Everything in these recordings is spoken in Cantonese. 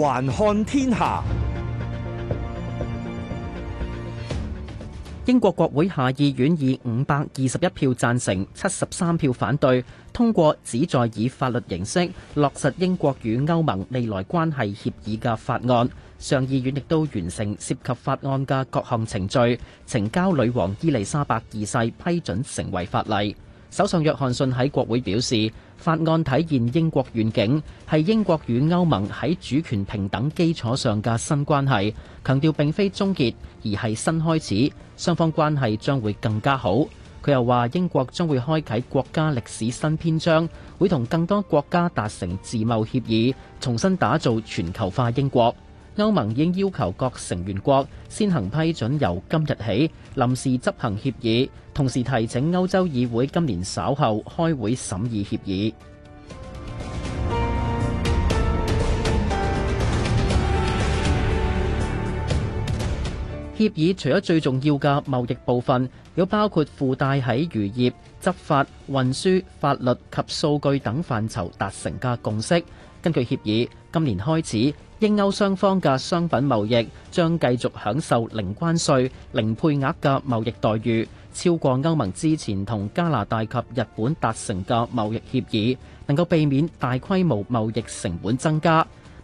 環看天下，英國國會下議院以五百二十一票贊成、七十三票反對通過，旨在以法律形式落實英國與歐盟未來關係協議嘅法案。上議院亦都完成涉及法案嘅各項程序，呈交女王伊麗莎白二世批准，成為法例。首相約翰遜喺國會表示，法案體現英國願景，係英國與歐盟喺主權平等基礎上嘅新關係，強調並非終結，而係新開始，雙方關係將會更加好。佢又話，英國將會開啟國家歷史新篇章，會同更多國家達成自貿協議，重新打造全球化英國。歐盟應要求各成員國先行批准由今日起臨時執行協議，同時提醒歐洲議會今年稍後開會審議協議。協議除咗最重要嘅貿易部分，又包括附帶喺漁業、執法、運輸、法律及數據等範疇達成嘅共識。根據協議，今年開始，英歐雙方嘅商品貿易將繼續享受零關稅、零配額嘅貿易待遇，超過歐盟之前同加拿大及日本達成嘅貿易協議，能夠避免大規模貿易成本增加。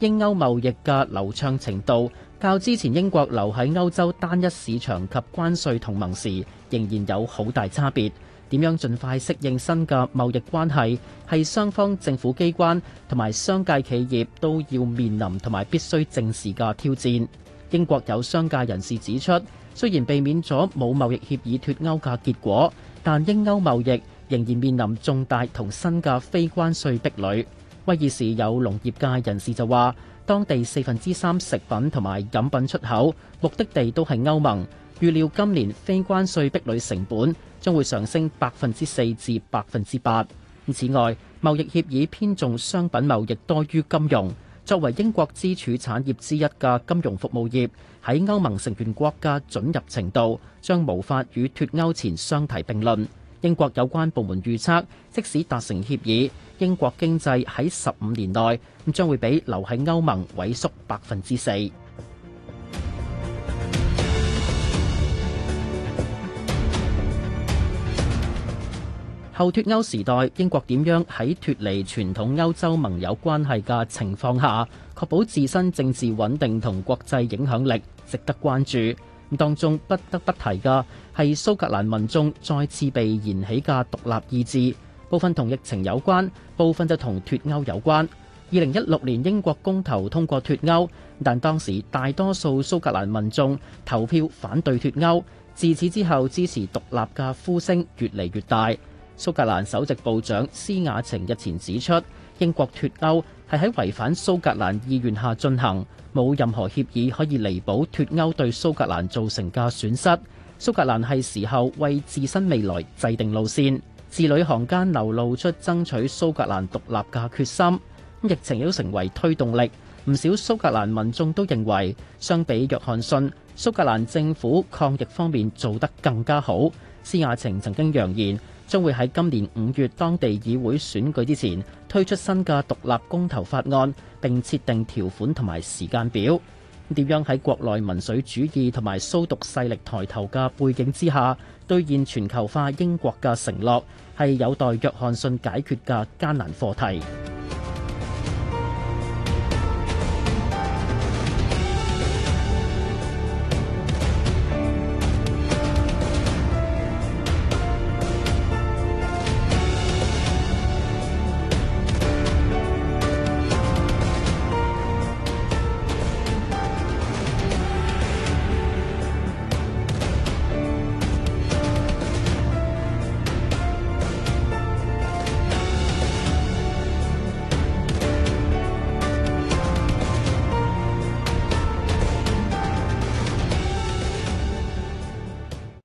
英歐貿易嘅流暢程度，較之前英國留喺歐洲單一市場及關稅同盟時，仍然有好大差別。點樣盡快適應新嘅貿易關係，係雙方政府機關同埋商界企業都要面臨同埋必須正視嘅挑戰。英國有商界人士指出，雖然避免咗冇貿易協議脱歐嘅結果，但英歐貿易仍然面臨重大同新嘅非關稅壁壘。威爾士有農業界人士就話，當地四分之三食品同埋飲品出口目的地都係歐盟，預料今年非關稅壁壘成本將會上升百分之四至百分之八。此外，貿易協議偏重商品貿易多於金融，作為英國支柱產業之一嘅金融服務業，喺歐盟成員國家准入程度將無法與脱歐前相提並論。英國有關部門預測，即使達成協議，英國經濟喺十五年內咁將會比留喺歐盟萎縮百分之四。後脫歐時代，英國點樣喺脫離傳統歐洲盟友關係嘅情況下，確保自身政治穩定同國際影響力，值得關注。咁當中不得不提嘅係蘇格蘭民眾再次被燃起嘅獨立意志。部分同疫情有關，部分就同脫歐有關。二零一六年英國公投通過脫歐，但當時大多數蘇格蘭民眾投票反對脫歐。自此之後，支持獨立嘅呼聲越嚟越大。蘇格蘭首席部長施雅晴日前指出，英國脫歐係喺違反蘇格蘭意願下進行，冇任何協議可以彌補脫歐對蘇格蘭造成嘅損失。蘇格蘭係時候為自身未來制定路線。字裏行間流露出爭取蘇格蘭獨立嘅決心，疫情亦都成為推動力。唔少蘇格蘭民眾都認為，相比約翰遜，蘇格蘭政府抗疫方面做得更加好。施雅晴曾經揚言，將會喺今年五月當地議會選舉之前推出新嘅獨立公投法案，並設定條款同埋時間表。點樣喺國內民粹主義同埋蘇獨勢力抬頭嘅背景之下，兌現全球化英國嘅承諾，係有待約翰遜解決嘅艱難課題。